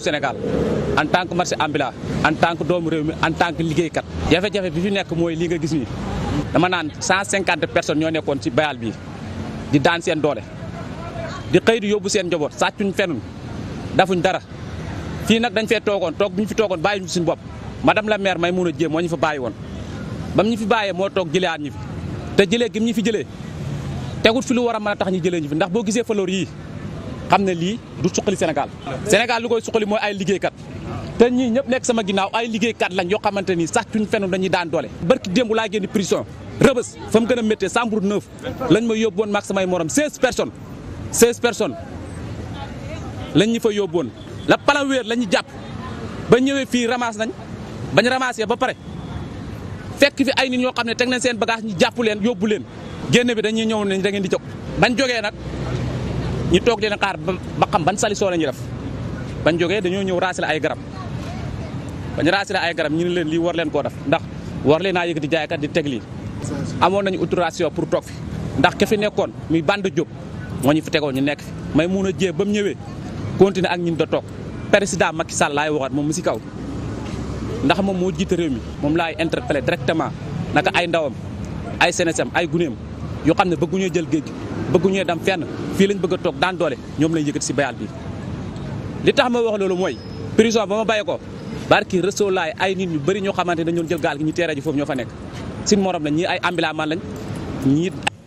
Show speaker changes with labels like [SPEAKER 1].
[SPEAKER 1] Sénégal en tant que marché ambulant en tant que doomu réew mi en tant que liggéeykat jafe-jafe bi fi nekk mooy li nga gis nii dama naan cent cinquante personnes ñoo nekkoon ci bayal bi di daan seen doole di xëy di yóbbu seen njaboot sàccuñ fenuñ dafuñ dara fii nag dañ fee toogoon toog bu ñu fi toogoon bàyyi ñu suñu bopp madame la maire may mun a jéem moo ñu fa bàyyi woon ba ñu fi bàyyee moo toog jëleaat ñi te jëlee gim ñu fi jëlee tegut fi lu war a a tax ñu jëlee ñu fi ndax boo xam ne lii du suqali Sénégal Sénégal lu koy suqali mooy ay liggéeykat te ñii ñëpp nekk sama ginnaaw ay liggéeykat lañ yoo xamante ni sax cuñ fenu dañuy daan doole barki démb laa génn prison rëbës fa mu gën a méttee chambre neuf lañ ma yóbboon maag samay morom seize personnes seize personnes lañ ñu fa yóbboon la palanweer la ñu jàpp ba ñëwee fii ramasse nañ bañ ramassé ba pare fekk fi ay nit ñoo xam ne teg nañ seen bagage ñi jàpp leen yóbbu leen génn bi dañuy ñëw nañ da ngeen di jóg bañ jógee nag ñi toog dina xaar ba xam ban salisoo la ñuy def bañ jógee dañoo ñëw raasile ay garab bañ raasile ay garab ñu ne leen lii war leen koo def ndax war leen naa jaay jaaykat di teg lii amoon nañu autorisation pour toog fi ndax kefe fi nekkoon muy bande jóg moo ñu fi tegoon ñi nekk fi may mun a jee ba mu ñëwee continuer ak ñun da toog président Macky Sall laay waxaat moom mu si kaw ndax moom moo jiite réew mi moom laay interpellé directement nag ay ndawam ay senesam ay gunéem yoo xam ne bëgguñoo jël géej gi bëgguñoo dem fenn fii lañ bëgg toog daan doole ñoom lañ yëkkati si bayaal bi li tax ma wax loolu mooy prison ba ma bàyyi ko barki Rasulaay ay nit ñu bëri ñoo xamante na dañu doon jël gaal gi ñu teeree ji foofu ñoo fa nekk sin morom la ñii ay ambulant man lañ ñii